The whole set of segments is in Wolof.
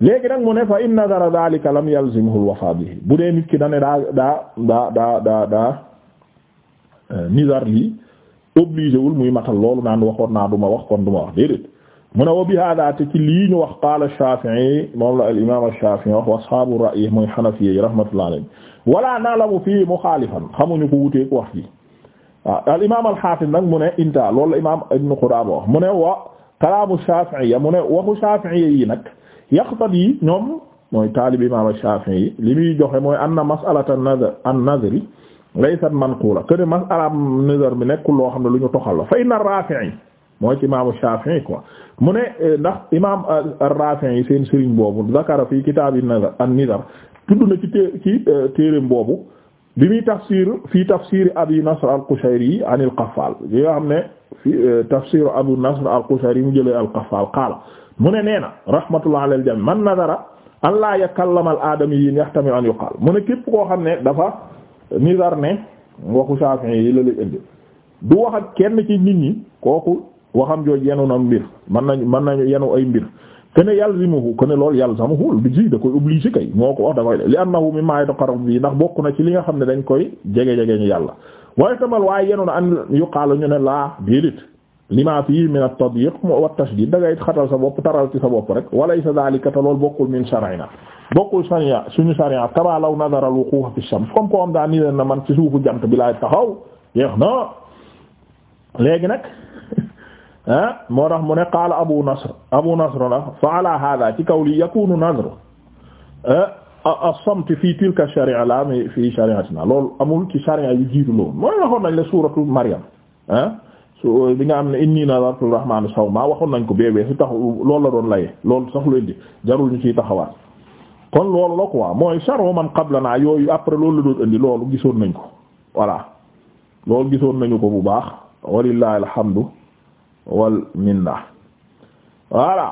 léegi nag mu ne fa in nadara dhalika lam yalzimhu al-wafa bihi bu dee nit ki da ne da daa daa daa daa daa nizar euh, lii obligé wul muy matal loolu naan waxoon naa du wax kon du ma wax déedéet mu ne bi hada te ci lii ñu wax qaala Shafi'i moom la al imam Shafi'i wax wa ashaabu muy xanafiye yi rahmatullah alayhi wala na'lamu fii muxaalifan xamuñu ko wuteek wax nag mu inta loolu la imam Ibn Qudama wax mu ne wa kalaamu Shafi'i ya mu ne waxu Shafi'i yi nag yaqtadi ñoom mooy taalib imam Shafi'i li muy joxe mooy anna mas'alatan nazar an nazri laysat manqula kuene mas'alam nazar bi nekkul loo xam ne lu ñu toxal la fa inna Rafi'i mooy ci imaamu Shafi'i quoi mu ne eh, ndax imaam eh, Rafi'i seen sëriñ boobu zakara fi kitaab an-nazar tudd na ci té ci eh, téereem boobu bi muy tafsir fii tafsir abi nasr al-Qushayri an al-Qaffal yi nga xam ne fi tafsir abu nasr al-Qushayri mu jëlee al-Qaffal qaala mu ne nee na rahmatullah alal jami man nadara an laa yakallama al aadamiyin yahtami an yuqaal mu ne képp koo xam ne dafa nizar ne waxu Shafi'i yi la lay indi du wax ak kenn ci nit ñi kooku waxam jooj yenu na mbir man nañu man nañu yenu ay mbir kene yalzimuhu kene loolu yalzamuhu bi ji da koy obligé kay moo ko wax da koy li annahu mimma yataqarrabu bi ndax bokk na ci li nga xam ne dañ koy jege jege ñu yàlla waaye waaye yenu na an yuqaalu ñu lima fii min at-tadyiq wa at-tashdid dangay xatal sa bopp taral ci sa bopp rek walaysa dhalika te loolu bokkul min shar'ina bokkul sharia suñu sharia kama law nadara al-wuquf fi ash-shams comme ko am daa ni leen na man ci suufu jant bi laay taxaw yeex na léegi nag ah moo tax mu ne qaala abu nasr abu nasr la fa ala hada ci kaw li yakunu nadru ah, as-samt fi tilka sharia la fi shariatina loolu amul ci sharia yu jiitu loolu mooy waxoon nañ la suuratu Maryam ah su bi nga am na inni nazartu saw sawma waxoon nañ ko beebee su lool la doon laye loolu sax lu indi jarul ñu ci taxawaat kon loolu la quoi mooy sharu man naa yooyu après loolu la doon indi loolu gisoon nañ ko voilà loolu gisoon nañu ko bu baax walillahi alhamdu wal minna voilà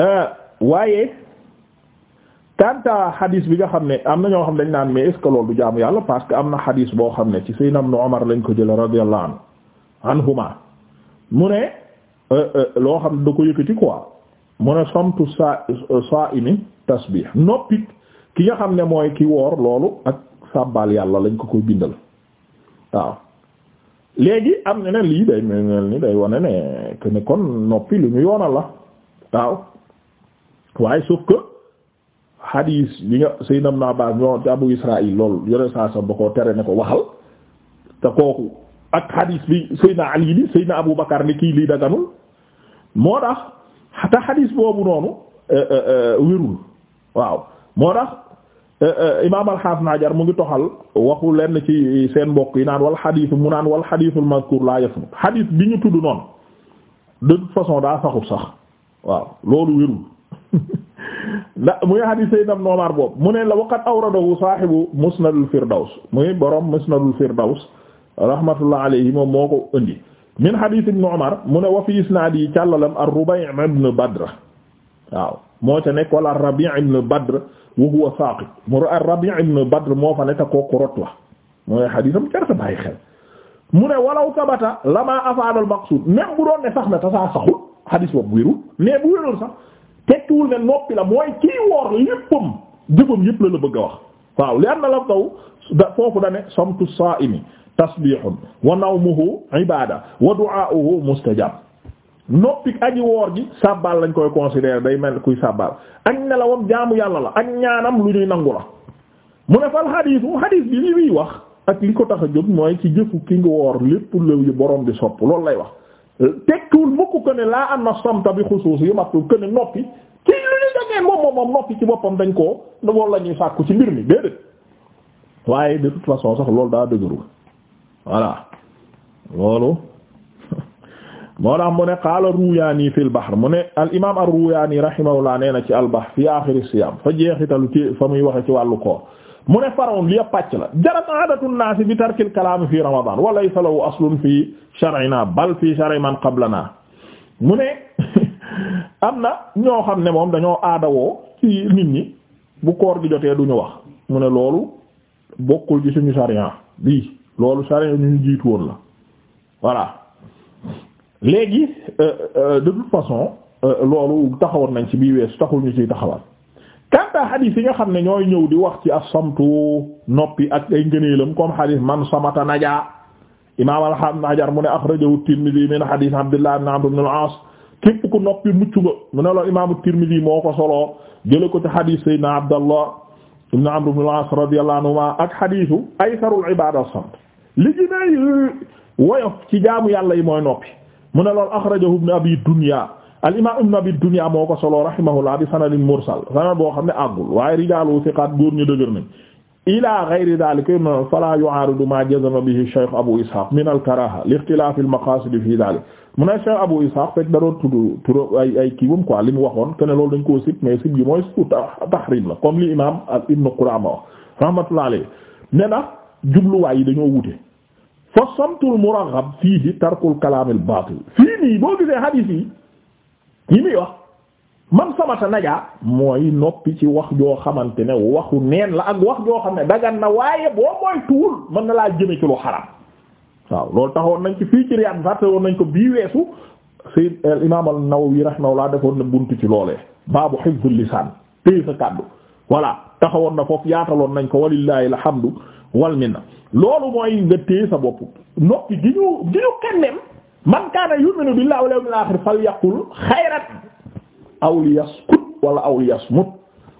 euh, waaye tanta hadis bi nga xam ne am na ñoo xam ne dañ naan mais est ce que loolu du jaamu yàlla parce que am na hadis boo xam ne ci Seydina Ibn Umar lañ ko jëlee radiyallahu anhu anhuma mu ne euh, euh, loo xam da ko yëkkati quoi mu ne somtu saa euh, saa imi tasbih noppit ki nga xam ne mooy ki woor loolu ak sàbbaal yàlla lañ ko koy bindal waaw léegi am na ne lii day mel ni day wane ne que kon noppi lu ñu yoonal la waaw waaye sauf que hadis bi nga Seydina Ibn Abbas ñoo ci Abu Israil loolu yore saa sa ba ko tere ne ko waxal te kooku ak xadiis bi Seydina Ali bi Seydina Abu Bakar ni kii lii daganul moo tax te xadiis boobu noonu eh, eh, eh, wérul waaw moo tax imaam al-Hasan mu ngi toxal waxu lenn ci seen mbokk yi naan wal xadiisu mu naan wal xadiisul mazkuur laa yasmut xadiis bi ñu tudd noonu de toute sax waaw loolu wérul ndax muy xadiis mu ne la waqad awradahu saahibu musnadul firdaws muy borom musnadul firdaws rahmatullah alayhi moom moo ko indi min hadith ibn Umar mu ne wa fi càllalam ar-Rubai' Badr waaw moo ca nekk wala ar-Rabi' Badr wa huwa saqit mu ar-Rabi' ibn Badr moo fa ne ta kooku rot la mooy haditham jarta bàyyi xel mu ne walaw sabata lama afaada al-maqsuud même bu doon ne sax na ta saa saxul hadith boobu wérul mais bu wérul sax tekkiwul ne noppi la mooy kii woor léppam jëfam yépp la la bëgg a wax waaw li am na la tasbihun wa naw ibada wa du'a'uhu mustajab noppi aji woor gi sàbbaal lañ koy considérer day mel kuy sàbbaal ak nelawam jaamu yàlla la ak ñaanam lu ñuy nangu la mu ne fal xadiisu xadiis bi li wax ak li ko tax a jóg mooy ci jëfu ki ngi woor lépp lu borom bi sopp loolu lay wax tekkiwul mukk ko ne laa am na samta bi xusuus yu matul ko noppi ci lu ñu dangeen moom moom noppi ci boppam dañ koo loolu lañuy ñuy sàkku ci mbir mi déedéet waaye de toute façon sax loolu daa dëgërul voilà loolu moo tax mu ne qaala Ruyaani fil bahr mu ne al imaam ar-Ruyaani rahimahullah nee na ci al bahr fi aaxiri siyaam fa jeexitalu ci fa muy waxe ci wàllu koor mu ne farawoon li pàcc la jarat aadatu naas bi tarkil kalaam fi Ramadan wa laysa lahu aslun fi shar'inaa bal fi shar'i man qablanaa mu ne am na ñoo xam ne moom dañoo aadawoo ci nit ñi bu koor gi jotee duñu wax mu ne loolu bokkul ci suñu sariya bii. loolu sariya ñu ñu jiitu woon la voilà léegi euh, euh, de toute façon euh, loolu taxawoon nañ ci bii weesu taxul ñu ciy taxawal kanta xadiis yi nga xam ne ñooy ñëw di wax ci as-samtu noppi ak ay ngëneelam comme xadiis man samata najaa imaam al-Hafiz Hajar mu ne axrajahu Tirmidhi min xadiis Abdullah ibn Amr ibn al-As képp ku noppi mucc nga mu ne loolu imaamu Tirmidhi moo ko soloo jële ko ci xadiis Seydina Abdallah ibn Amr ibn al-As radiyallahu anhuma ak xadiisu aysarul ibaada as-samt li ginaay woyof ci jaamu yàlla yi mooy noppi mu ne loolu axrajahu ibn abi dunya al-imam ibn abi dunya moo ko solo rahimahullah bi sanadin mursal sanad boo xam ne àggul waaye rijaalu thiqaat góor ñu dëgër nañ ila ghayri dhalika fala yu'aridu ma jazama bihi shaykh abu ishaq min al-karaha li ikhtilaf al-maqasid fi dhalika mu ne Cheikh Abu Ishaq fekk da doon tudd ay ay kiiwam quoi li mu waxoon que loolu dañ koo sib mais sib gi mooy su tahrim la comme li imam al Ibn Qudama wax rahmatullah alayhi ne ndax jubluwaay yi dañoo wute fa samtul muraghab fiihi tarkul kalaam baatil fii nii boo gisee hadith yi yi muy wax man samata najaa mooy noppi ci wax joo xamante ne waxu neen la ak wax joo xam ne dagan na waaye boo mooy tuul mën na laa jëme ci lu xaram waaw loolu taxawoon nañ ci fii ci Riyad fàtte nañ ko bii weesu Sayyid al Imam an-Nawawi rahimahullah defoon na buntu ci loolee baabu hifzul lisaan téye sa kàddu voilà taxawoon na foofu yaataloon nañ ko walillahi alhamdu wal minna loolu mooy nga téye sa bopp noppi gi ñu gi ñu kennem man kaana yu'minu billahi wal yawmil aaxir falyaqul xayran aw liyaskut wala aw liyasmut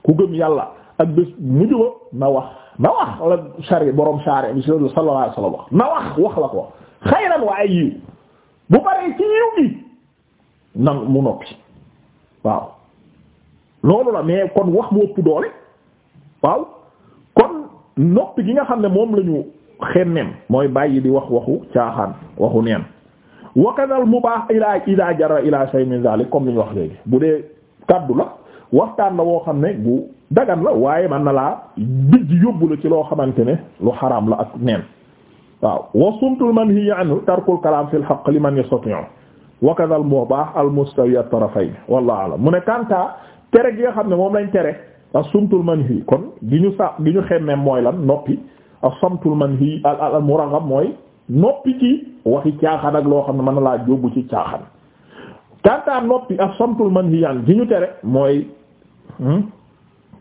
ku gëm yàlla ak bés mujj ba na wax na wax la sari borom sari bi sallallahu alayhi wa sallam wax na wax wax la ko xayran waaye yiw bu baree ci yiw gi nan mu noppi waaw loolu la mais kon wax mu ëpp doole waaw kon noppi gi nga xam ne moom lañu xemmeem mooy bàyyi di wax waxu caaxaan waxu neen wakadal mubah ila ida jara ila say min zalik comme li ñu wax léegi bu dee kaddu la waxtaan la woo xam ne bu dagan la waaye man na laa bijj yóbbu la ci loo xamante ne lu xaraam la ak neen waaw wa sumtul manhi anhu tarkul kalaam fil haqq liman yastati'u wa kadha al mubah al mustawi at tarafayn wallahu a'lam mu ne kanta tere gi nga xam ne moom lañ tere as sumtul manhi kon gi ñu sa gi ñu xemmeem mooy lan noppi as sumtul manhi al al muraghab mooy noppi ci waxi caaxaan ak loo xam ne mën na laa yóbbu ci caaxaan kanta noppi as sumtul manhi gi ñu tere mooy hmm?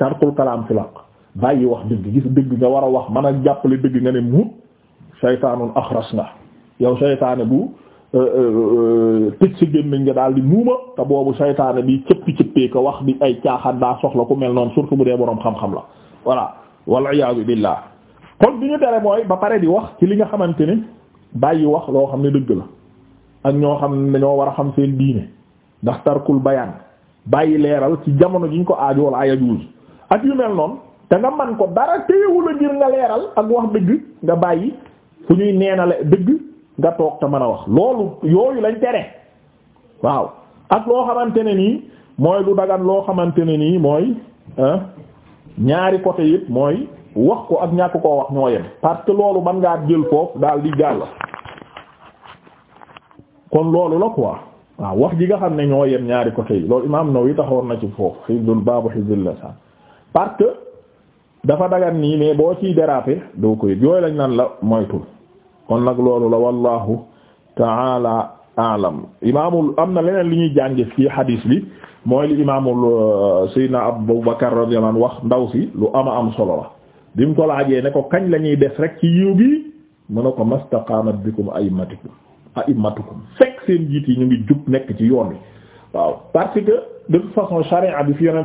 tarkul kalaam fil haqq bàyyi wax dëgg gis dëgg nga war a wax man a jàppale dëgg nga ne mut saytaanun axras nga yow saytaane bu euh, euh, euh, tëj sa gémmiñ nga daal di muuma te boobu saytaane bi cëppi cëppee ko wax di ay caaxaan daa soxla ku mel noonu surtout bu dee boroom xam-xam la voilà wal iyaazu billaah kon bi ñu tere mooy ba pare di wax ci li nga xamante ni bàyyi wax loo xam ne dëgg la ak ñoo xam ne dañoo war a xam seen diine ndax tarkul bayaan bàyyi leeral ci jamono ji ko aaju wala ayajuuz ak yu mel noonu te nga man ko dara téyewu la ngir nga leeral ak wax dëgg nga bàyyi fu ñuy neenale dëgg nga toog te mën a wax loolu yooyu lañ tere waaw ak loo xamante ne nii mooy lu dagan loo xamante ne nii mooy ñaari côté yi mooy wax ko ak ñàkk ko wax ñoo yem parce que loolu man ngaa jël foofu daal di gàll kon loolu la quoi waaw wax ji nga xam ne ñoo yem ñaari côté yi loolu imaam yi taxawoon na ci foofu xifdul baabu xifdul lisaan parce que dafa dagan nii mais boo ciy déraper doo ko yooyu lañ naan la moytul kon nag loolu la wallahu taala alam imaamul am na leneen li ñuy jànge fii hadis bi mooy li imaamul euh, sayyidina Abu Bakar radiyallahu anhu wax ndaw si lu ama am solo la bi mu ko laajee ne ko kañ la ñuy des rek ci yiw bi mu ne ko mastaqaamat bikum a'immatukum a'immatukum fekk seen jiit yi ñu ngi jub nekk ci yoon wi waaw parce que de toute façon charia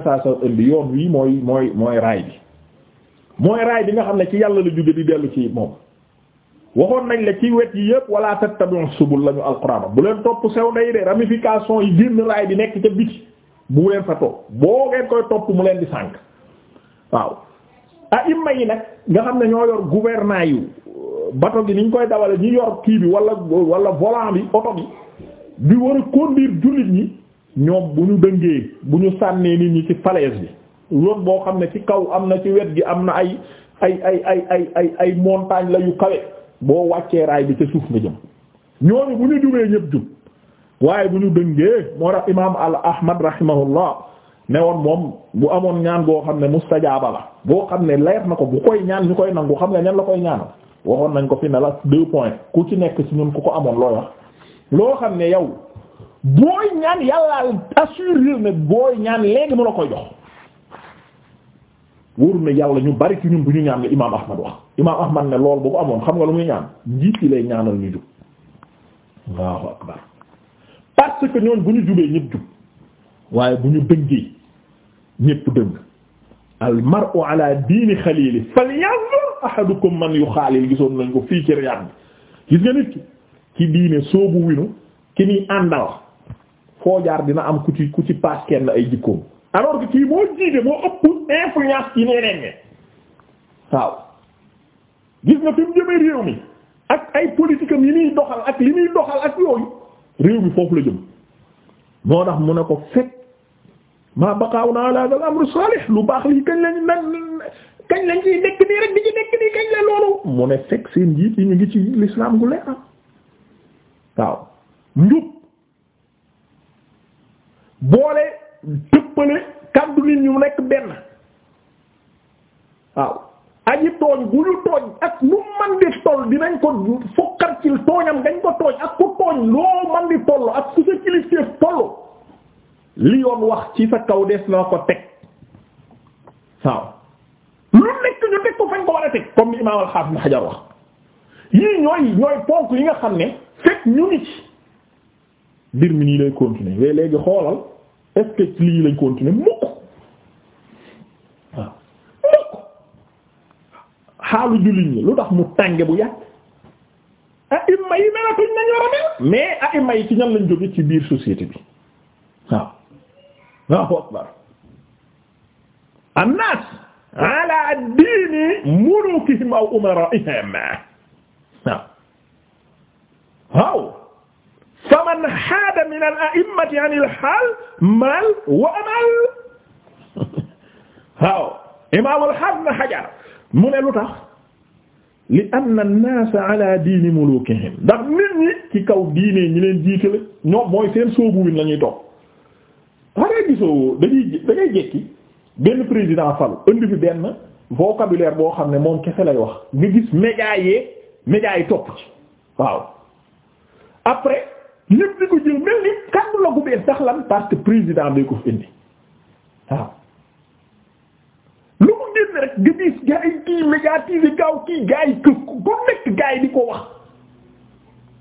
sa indi yoon wi mooy mooy mooy raay bi mooy raay bi nga xam ne ci yàlla la jóge di dellu ci moom waxoon nañ la ci wet yi yëpp wala tattabi'u subul lañu alquran bu leen topp sew nday de ramification yi génn raay bi nekk ca biti bu leen fa topp boo ngeen koy topp mu leen di sànk waaw a imma yi nag nga xam ne ñoo yor gouvernement yu euh, bato gi niñ koy dawale ñi yor kii bi wala wala volant bi oto bi di war a conduire jullit ñi ñoom bu ñu dëngee bu ñu sànnee nit ñi ci falaise bi yoon boo xam ne ci kaw am na ci wet gi am na ay ay ay ay ay ay ay montagne la yu kawe boo wàccee raay bi ca suuf nga jëm ñooñu bu ñu jubee ñëpp jub waaye bu ñu dëngee moo tax imaam al ahmad rahimahullah ne woon moom bu amoon ñaan boo xam ne mustajaaba la boo xam ne leer na ko bu koy ñaan ñu koy nangu xam nga ñan la koy ñaanal waxoon nañ ko fi ne la deux points ku ci nekk ci ñun ku ko amoon looy wax loo xam ne yow booy ñaan yàlla assuré ne booy ñaan léegi mu la koy jox wóor na yàlla ñu bari ci ñun bu ñu ñaan la imaam Ahmad wax imaam Ahmad ne lool bu ko amoon xam nga lu muy ñaan njiit yi lay ñaanal ñu jub waaye bu ñu dëngee ñépp dëng al mar'u ala diini xaliili falyanzur ahadukum man yuxaalil gisoon nañ ko fii ci Riyad bi gis nga nit ki ci diine soobu winu ki ni àndal foo jaar dina am ku ci ku ci paas kenn ay jikkoom alors gi kii boo jiite moo ëpp influence ci ñeneen ñi waaw gis nga fi mu réew mi ak ay politique am yi muy doxal ak li muy doxal ak yooyu réew mi foofu la jëm moo tax mu ne ko fekk maa baqaaw naa ala al amru salih lu baax lii kañ lañ nan kañ lañ ciy nekk nii rek di ci nekk nii kañ la loolu mu ne fekk seen jiit yi ñu ngi ci l'islam gu leer waaw njub boole tëppale kàddu nit ñu nekk benn waaw aji tooñ bu ñu tooñ ak lu man di toll dinañ ko fokkar ci tooñam dañ ko tooñ ak ku tooñ loo man di toll ak ku sa kilifteef toll li yoon wax ci sa kaw des na ko teg waaw lu nekk ñu teg ko fañ ko war a teg comme ni imaam al wax yii ñooy ñooy ponk yi nga xam ne fekk ñu ngi mbir mi nii lay continuer waaye léegi xoolal est-ce que lii lay continuer mukk waaw mukk xaalu jullit ñi lu tax mu tànge bu yàgg a imma yi melatuñ nañ war a mais a imma yi ci ñan lañ jóge ci biir société bi waaw waaw akbar annaas ala diini mulukihim aw umaraihim waaw man haada min al a'immati an il haal maal waaw imaam al na hajar mu ne lu tax li am na naas ala diini mulukihim ndax nit ñi ci kaw diine ñi leen jiite la ñoom mooy seen soobu win la ñuy toog gisoo dañuy da jekki benn président falu indi fi benn vocabulaire boo xam ne moom kese lay wax nga gis médias yi médias yi topp ci waaw après ñëpp di ko jël mel ni kàddu la gu bees lan parce que président bi ko fi indi waaw lu mu génn rek nga kii médiatisé gaaw kii gaa yi ko nekk gaa di ko wax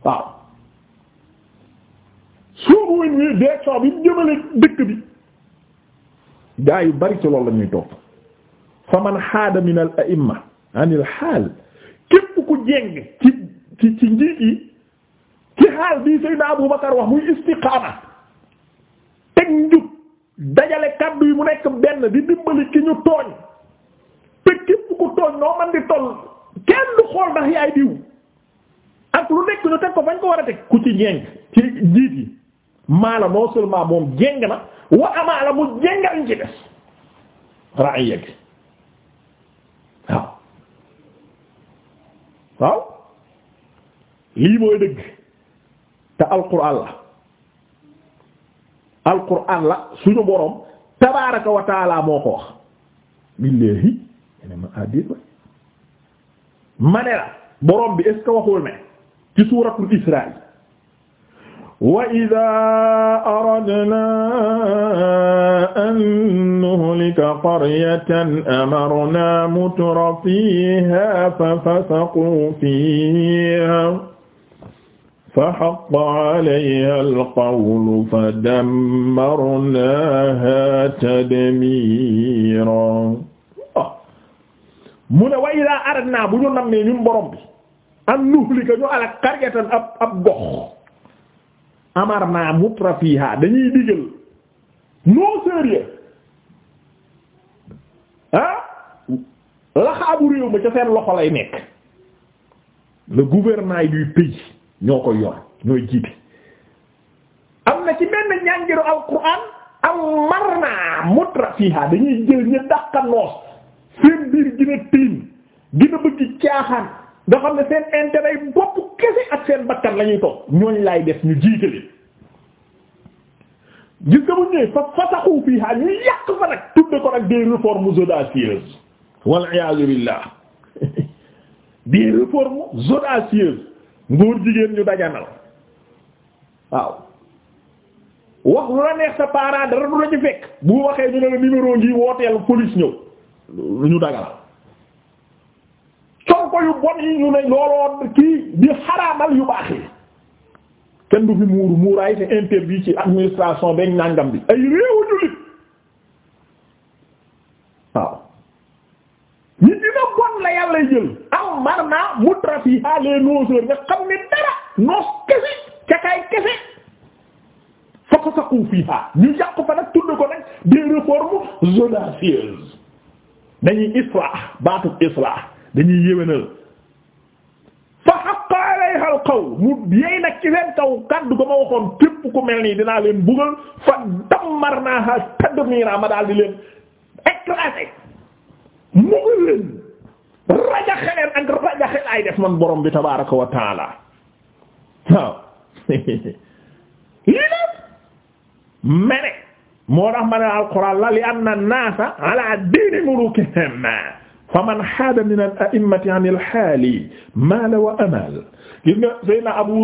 waaw soo ko wéññee direction bi jëmale dëkk bi gaa yu bari ci loolu la ñuy fa man xaada min al a'imma anil xaal képp ku jeng ci ci ci njiit yi xaal bii Seydina Aboubacar wax muy istiqaama teg njub dajale kaddu yi mu nekk benn di dimbali ki ñu tooñ te képp ku tooñ noo man di toll kenn xool ndax yaay diw ak lu nekk ñu teg ko fañ ko war a teg ku ci jéng ci jiit yi maala non seulement moom jéng na wa amaala mu jéngal ci des raaya gi waaw waaw lii mooy dëgg te alquran la alquran la suñu borom tabaaraka wa taala moo ko wax billahi ene ma addit wa ma ne la borom bi est-ce que waxul ne ci suuratul Israa wa idaa aradnaa an nuhlika qaryatan amarnaa mutrafiihaa fa fasaquu fiihaa fa haqqa alayha alqawlu fa dammarnaaha tadmiiran mu ne wa idaa aradnaa bu ñu nam ne ñun an nuhlika ñu alak qaryatan ab ab gox amarnaa mutrafiihaa dañuy digal non sérieux ah laxaabu réew ma ca seen loxo lay nekk le gouvernail ñoo ko yor ñooy jiite am na ci benn ñàngiru alquran am mar naa mutra fiha dañuy jël ñu dàqa noos seen biir gina tiim gina bëgg caaxaan nga xam ne seen intérêt bopp kese ak seen bakkan la toog ñooñ laay def ñu jiite leen gis nga mu ñëwee fa fasaxu fiha ñu yàq fa nag tudde ko ak des réformes audacieuses wal iyaazu billah des réformes audacieuses góor jigéen ñu dajanal waaw wax lu la neex sa parent dara du la fekk bu waxee ñu ne la numéro ngi wooteel police ñëw lu ñu daganal col ko yu bon yi ñu ne looloo kii di xaraamal yu baax yi kenn du fi muuru muuraay c'est interdit ci administration beeg nàngam bi ay réewu jullit waaw ñi dina bon la yàlla jël am mar naa mu fiha les noseurs nga xam ne dara noos kese cakaay kese fafasaku fiha ñu yàq fa nag tudd ko nag des réformes audacieuses dañuy islah baatu islah dañuy yéwénal fa haqqa alayha al qawl mu yey nag ci seen kaw kaddu ko ma waxoon képp ku mel nii dinaa leen bugal fa dammarnaha tadmira ma daal di leen éclater mu leen rajaxe leen ak rajaxe laay def man borom bi tabaaraka wa taala waaw lii nag mene moo tax ma ne alquran la li anna an-naasa ala diini mulukihim fa man haada min al-a'immati an al-haali maala wa amaal gis nga Seydina Abu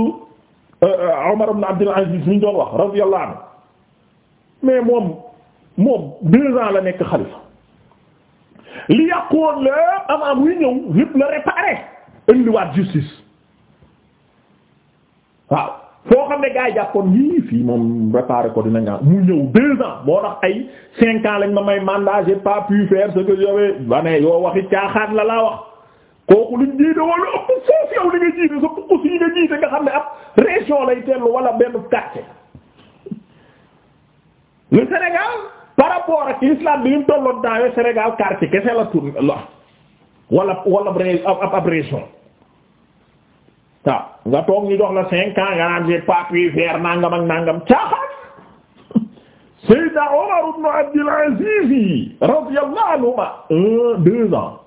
uh, Umar ibn Abdul Aziz mi ñu doon wax radiyallahu anhu mais moom moom deux ans la nekk xalifa li yàqu woon lépp avant muy ñëw lépp la réparé indiwaat justice waaw foo xam ne gars yi jàppoon yii fii moom réparé ko dina nga mu ñëw deux ans moo tax ay cinq ans lañ ma may pa j'ai pas pu faire ce que j'avais ba ne yoo waxi caaxaan la la wax kooku liñ jiite wala ëpp foofu yow li nga jiite sa pukkus yi nga jiite nga xam ne ab région lay tellu wala benn quartier le Sénégal par rapport ak islam bi ñu tolloon daawee Sénégal quartier kese la la wala wala ab ab région nga toog ñu dox la cinq ans nga naan j'ai pas pu faire nangam ak nangam caaxaan Seydina Omar ibn Abdul Aziz radiyallahu anhuma un deux ans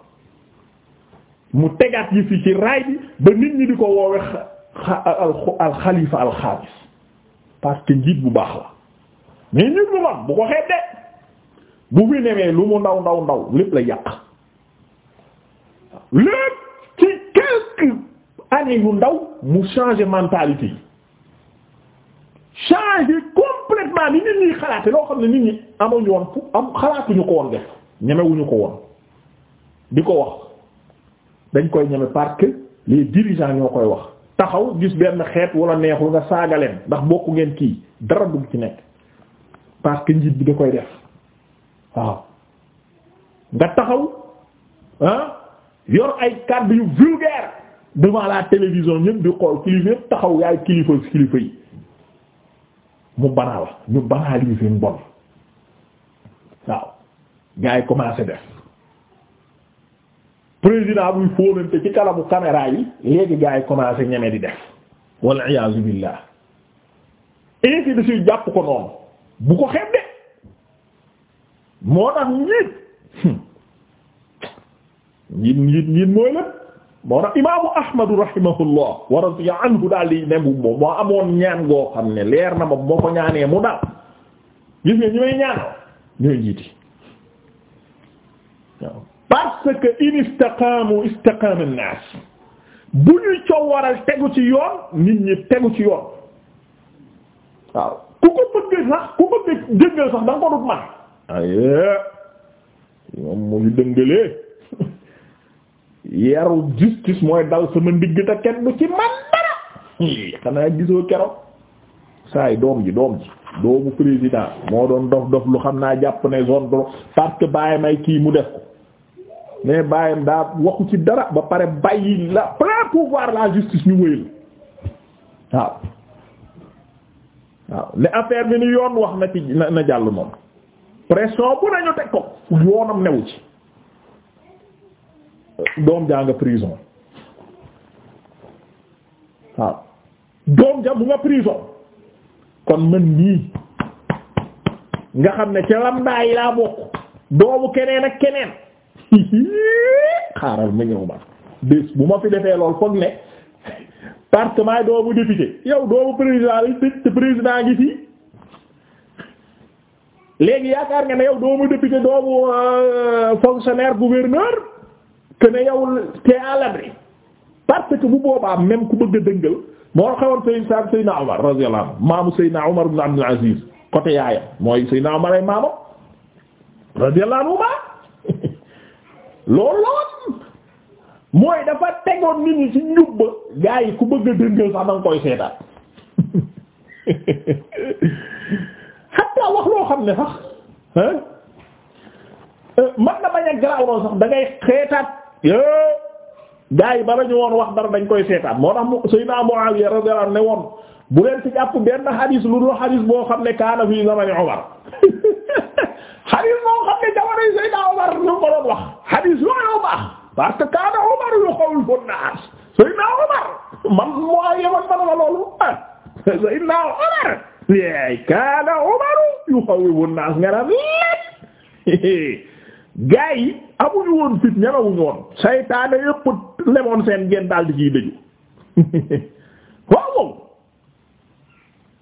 mu tegaat yi fi ci raay bi ba nit ñi di ko woowe al xalifa al xaamis parce que njiit bu baax la mais njiit bu bon bu ko xeeb bu mu newee lu mu ndaw ndaw ndaw lépp la yàq lépp ci quelques années yu ndaw mu changer mentalité yi changer complètement ni nit ñi xalaate loo xam ne nit ñi amuñu woon fu am xalaatuñu ko woon def ñemewuñu ko woon di ko wax dañ koy ñeme parce que les dirigeants ñoo koy wax taxaw gis benn xeet wala neexul nga saagaleen ndax bokk ngeen kii dara dugg ci nekk parce que njiit bi da koy def waaw nga taxaw ah yor ay kàddu yu vulgaire devant la télévision ñëpp di xool kilifa taxaw yaay kilifa yi mu banaa la ñu banaliser mbon waaw gars yi commencé def président buy fóonante ci kalamu caméra yi léegi gars yi commencé ñeme di def wal iyaazu billah ainsi jàpp ko noonu bu ko xeeb moo tax njiit njiit njiit njiit mooy lépp moo tax imaamu ahmadu rahimahullah wa radiya anhu daal di ne bu moo amoon ñaan goo xam ne leer na ma moo ko ñaanee mu daal gis nga ñu may ñooy njiiti waaw parce in istaqaamu istaqaama an bu ñuy coow waral tegu ci yoon nit ñi tegu ci yoon waaw ku ko bëgg sax ku ko bëgg jëngal sax da ko dut aye moom muy dëngalee yaru justice mooy dal sama ndigg ta kenn du ci man dara xanaa gisoo keroog saa yi doom ji doom ji doomu président moo doon dof dof lu xam naa jàpp ne zone doro parce que ay kii mu def ko mais bàyyam daa waxu ci dara ba pare bàyyi la plein pouvoir la justice ñu wëyal waaw waaw ne affaire bi ni yoon wax na ci na jàll moom pression bu nañu teg ko yoonam newu ci doom jaa nga prison waaw doom ja bu nga prison kon man nii nga xam ne ca lamdaay laa bokk doomu keneen ak keneen xaaral ma ñëw ma bés bu ma fi defee lool foog ne parce que doomu député yow doomu président lañ te président ngi fii léegi yaakaar nga ne yow doomu député doomu euh, fonctionnaire gouverneur que ne yow te parce que bu boobaa même ku bëgg a dëngal moo xewoon Seydou Saad Seydina Omar radiyallahu anhu maamu Seydina Omar ibn Abdul Aziz côté mooy dafa tegoon nit ñi ci njubba gaa yi ku bëgg dëngal sax danga koy seetaat. xatta wax loo xam ne sax euh, man na bañ a garaaw noonu sax da ngay yoo gaa yi bala woon wax dara dañ koy seetaat moo tax Seydina Muawiya radiyallahu anhu ne woon bu leen ci benn xadiis lu dul xadiis boo xam ne kaana fi zamani Umar xadiis boo xam ne jamonoy Seydina Umar ñu ko doon wax xadiis yooyu baax parce que kaana Umar yuxawwifu naas Seydina Umar man Muawiya man man la loolu Seydina Umar yaay kaana umaru yu xawwibu naas nga naan lépp gaa yi woon fit ñemewuñu woon saytaane yépp lemoon seen gen daal di ciy dëju waaw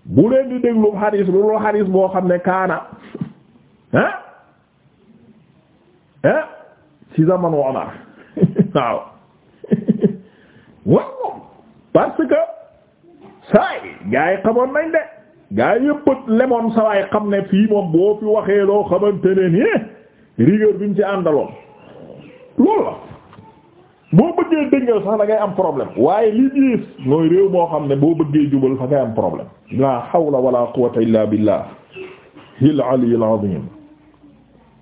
bu leen di déglu xadis lu lu xadis boo xam ne kaana ah ah ci zamanu Umar waaw waaw parce que saay gaa yi xamoon nañ de gaa yëpp lemoon sawaay xam ne fii moom boo fi waxee loo xamante ne nii bi mu ci àndaloon loolu la boo bëggee dëngal sax da ngay am problème waaye li diis mooy réew moo xam ne boo bëggee jubal fa ngay am problème la hawla wala quwwata illa billah hil aliyil azim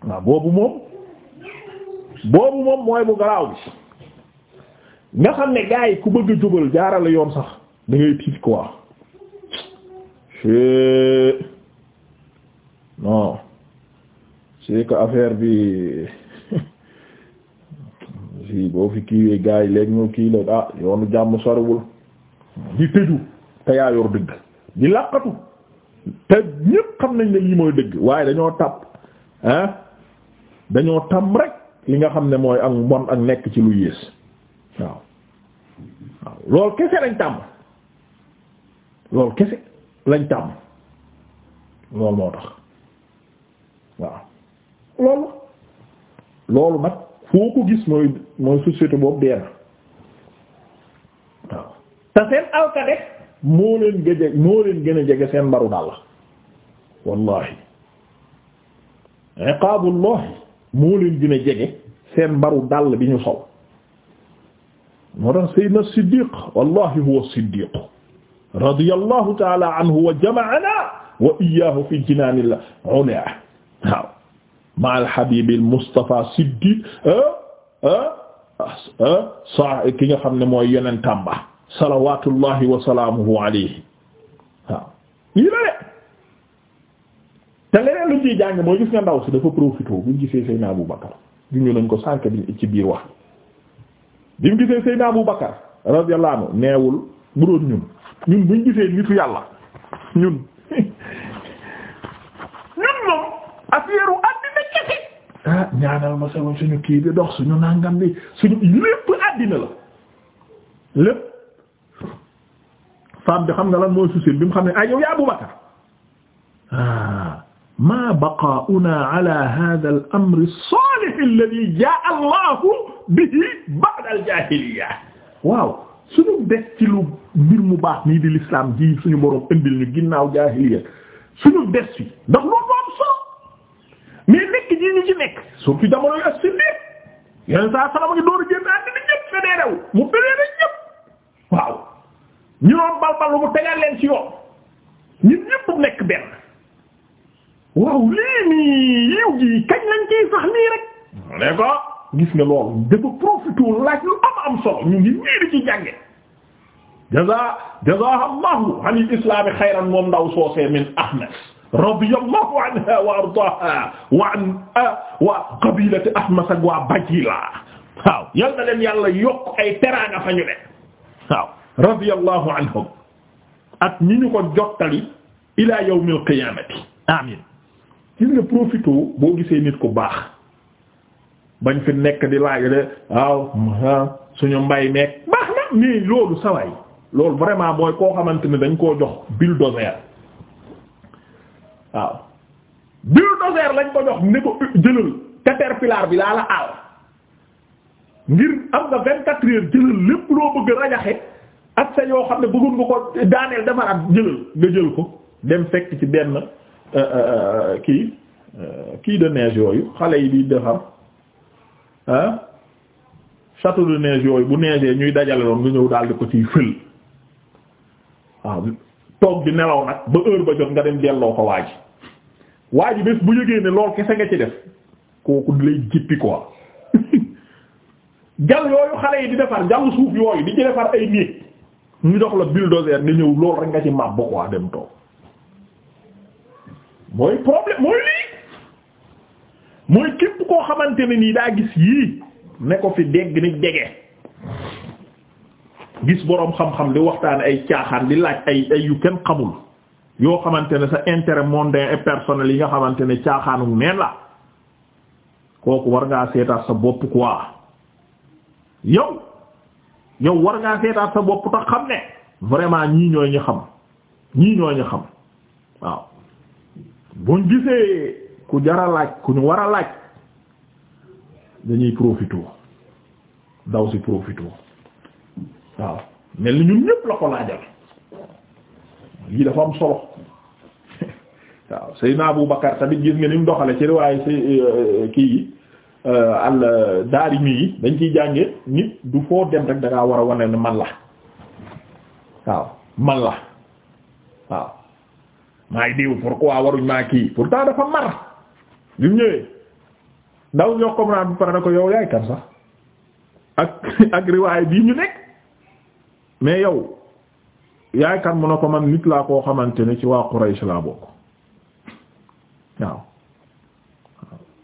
waaw boobu moom boobu moom mooy bu garaaw bi nga xam ne gaa yi ku bëgg a jubal jaarale yoon sax da ngay tiit quoi non c'est que affaire bi si boo fi kiiwee gars yi léegi ñu kii la ah yoonu jàmm soriwul di tëju te yaa dëgg di làqatu te ñépp xam nañ ne lii mooy dëgg waaye dañoo tàpp ah dañoo tàmm rek li nga xam ne mooy ak mbon ak nekk ci lu yées waaw waaw kese lañ tàmm loolu kese lañ tàmm loolu moo tax waaw loolu nag foo ko gis mooy mooy société boobu dee na waaw te seen alkade moo leen gëj moo gën a jege seen mbaru daal la wallahi iqaabullah moo leen gën a jege seen mbaru dàll bi ñu sol moo tax Seydina Siddiq wallahi huwa Siddiq radiyallahu taala anhu wa jama'ana wa iyyahu fi jinaanil ulya waaw ma al habib al mustafa siddi ah, ah, ah, sa ki nga xam ne mooy yeneen tàmba salawatullahi wa salaamuhu alayhi waaw lii la te leneen lu ciy jàng mooy gis nga ndaw si dafa profité bu gisee Seydina Abu Bakar junñu nañ ko sànk bi ci biir wax bi mu gisee Seydina Abu Bakar radiyallahu anhu neewul bu doon ñun ñun buñ gisee nitu yàlla ñun ñun moom affaire àddina kese ah ñaanal ma sama suñu kii bi dox suñu nangam bi suñu lépp àddina la lépp femme bi xam nga lan mooy bi mu xam ne ah yow Abu Bakar ah, ma baqaa'una ala hadha al amr as-salih alladhi jaa'a mu des ci lu mbir mu baax nii di l'islam ji suñu boroom indil ñu ginnaaw jaahiliya suñu des fi ndax loolu moo am solo mais nekk ji ñu ci nekk surtout jamono yu as-Siddiq ñu doon balbal lu lu am am solo ñu ngi ñii ci jànge jaza jazaha allahu an il islami xayran min ahmes radiyallahu anha wa ardaha wa an wa qabilati ahmas bajila waaw yal na leen yàlla yokk ay teraanga fa ñu ne waaw jottali ila yawmil qiyaamati amin gis nga profité boo gisee nit ku baax bañ fi nekk di laaj de ah, baax na mais loolu sawaay loolu vraiment mooy koo xamante ni dañ koo jox bulldozer waaw bulldozer lañ ko jox ni ko jëlal caterpillar bi laa la aal ngir am nga vingt-quatre heures jëlal lépp loo bëgg rajaxe ak sa yoo xam ne bëggoon nga ko daaneel defaraat jëlal nga jël ko dem fekk ci benn euh, euh, euh, kii kii de neige yooyu xale yi di defar ah château de neige yooyu bu neigee ñuy dajale loon nga ñëw daal di ko ciy fël waaw toog di nelaw nag ba heure ba jot nga dem delloo ko waa ji waa bés bu yëgee ne lool kese nga ci def kooku di lay jippi quoi jal yooyu xale yi di defar jal suuf yooyu di ci defar ay néeg ñu dox la bulldozer nga ñëw lool rek nga ci màbb waa dem toog mooy problème mooy lii mooy képp koo xamante ne nii daa gis yii ne ko fi dégg ni dege gis boroom xam-xam di waxtaan ay caaxaan di laaj ay ay yu kenn xamul yoo xamante ne sa intérêt mondain et personnel yi nga xamante ne caaxaanu neen la kooku war ngaa seetaat sa bopp quoi yow yow war ngaa seetaat sa bopp tax xam ne vraiment ñii ñooy ñu xam ñii ñooy ñu xam waaw buñ gisee ku jara laaj ku ñu war a laaj dañuy profité daw si profité. waaw mel ni ñun ñëpp la ko laajal lii dafa am solo waaw Seydina Abu Bakar tamit gis nga ni mu doxale ci riwaayu si euh, kii yi euh, al Daarimi yi dañ ciy jànge nit du foo dem rek da ngaa war a wane ne man la waaw man la waaw maay diw pourquoi waruñ maa kii pourtant dafa mar li ñëwee ndaw ñoo comprendre bu pare na ko yow yaay kan sax ak ak riwaay bii ñu nekk mais yow yaay kan mu ne ko man nit laa koo xamante ne ci waa Quraysh laa bokk waaw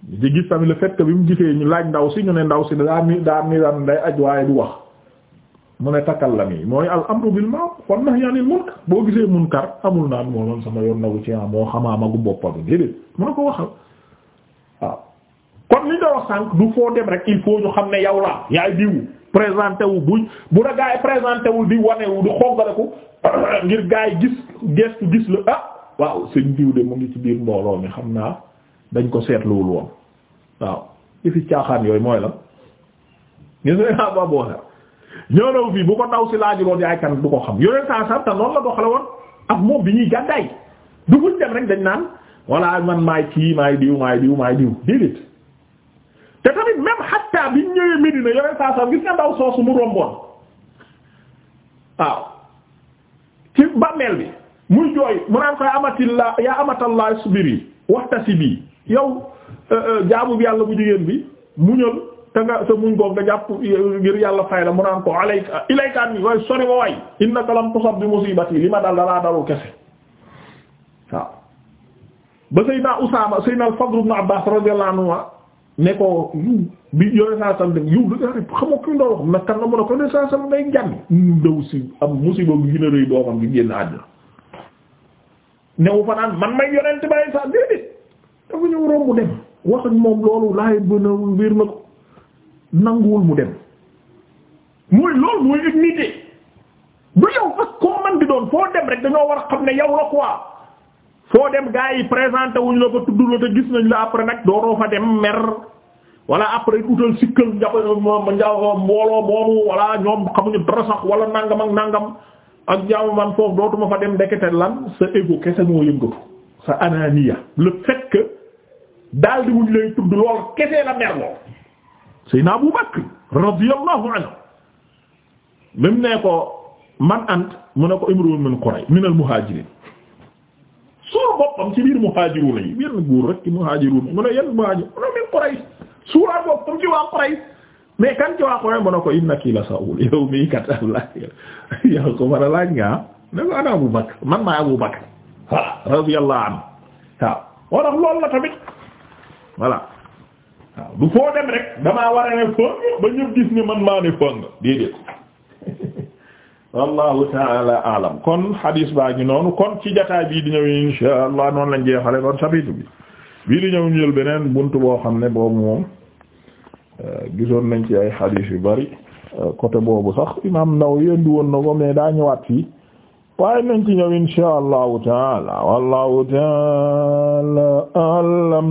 di gis tamit bi mu gisee ñu laaj ndaw si ñu ne ndaw si daa ni daa ni daan day aj waaye du wax mu ne takkal la al amru bil ma'ruf wan nahyi 'anil munkar boo amul naan moo loon sama ah moo xamaa boppam déedéet mu ko waxal waaw kon li nga wax sànq du foo dem rek il faut ñu xam ne yow la yaay diwu présenté wu bu la gaa yi présenté wul di wane wu di xogaleku ngir gaa yi gis gestu gis la ah waaw sëñ diw de mu ngi ci biir mbooloo mi xam naa dañ ko seetluwul woon waaw fi caaxaan yooyu mooy la gis nga naa ba boole ñoo naw fii bu ko ndaw si laajuloon yaay kan du ko xam yoneen saa santa noonu la doxale woon ak moom bi ñuy gàddaay du fuñ dem rek dañ naan walla man maay kii maay diw maay diw maay te tamit même hatta biñ ñëwee Medina yore saa saa gis nga ndaw soosu mu romboon waaw ci bi muy mu naan ko yaa amatillah yaa amatallah subiri waxtasibi yow euh, euh, jaamu bi yàlla bu jigéen bi muñal te nga sa muñ goog nga jàpp euh, ngir yàlla fay la mu naan ko alayka ilaykaan bi waaye sori ma waay innaka lam tusab bi musibati li ma dal dalaa dalul kese waaw ba Seydina Usaama Seydina al-Fadl ibn Abbaas radiyallahu anhu ne ko yow bi yore saa sam dem yow da nga xam nga kuy doon wax naka nga mën a ko ne saa sam day jànn. a rëy doomam gi newu fa man may yonent bàyyi saa déedéet dafa ñëw romb dem wax ak moom loolu laay bën a wér na ko nanguwul mu dem mooy loolu mooy nit nit du yow ak koo man di doon foo dem rek dañoo war a xam ne yow la quoi. foo dem gars yi présenté wuñ la ko tudd la te gis nañ la après nag dooroo fa dem mer wala après utal sikkal njaba njaw mbooloo moomu wala ñoom xamuñu dara sax wala nangam ak nangam ak njaamu man foofu dootuma fa dem ndekete lan sa égo kese moo yëngatu sa ananiya le fait que daal di wuñ lay tudd lool kese la mer lool sayna Abu Bakr radiyallahu anhu même ne ko man ant mu ne ko imru min Quraysh min al muhajirin soo boppam ci biir muhaajiruuna yi yenn góor rek ci muhaajiruuna mu ne yenn muhaajir mu ne min Quraysh suura boppam ci waa Quraysh mais kan ci waa Quraysh mu ne ko inna kii la Saul yow mii kat a laaj nga ne ko ana Abu Bakr man maa Abu Bakr voilà radiyallahu anhu waaw moo la tamit voilà du foo rek damaa war a ne ba ñëpp gis ne man maa ne fëng déedéet wallahu taala alam kon hadis baa ngi noonu kon ci jataay bii di ñëw insha allah noonu lañ jeexale kon chapitre bi bii di ñëw ñël beneen buntu boo xam ne boobu moom euh, gisoon nañ ci ay hadis yu bari euh, côté boobu sax imam Nawawi indi woon na ko mais daa ñëwaat fii waaye nañ ci ñëw insha allahu taala wallahu taala alam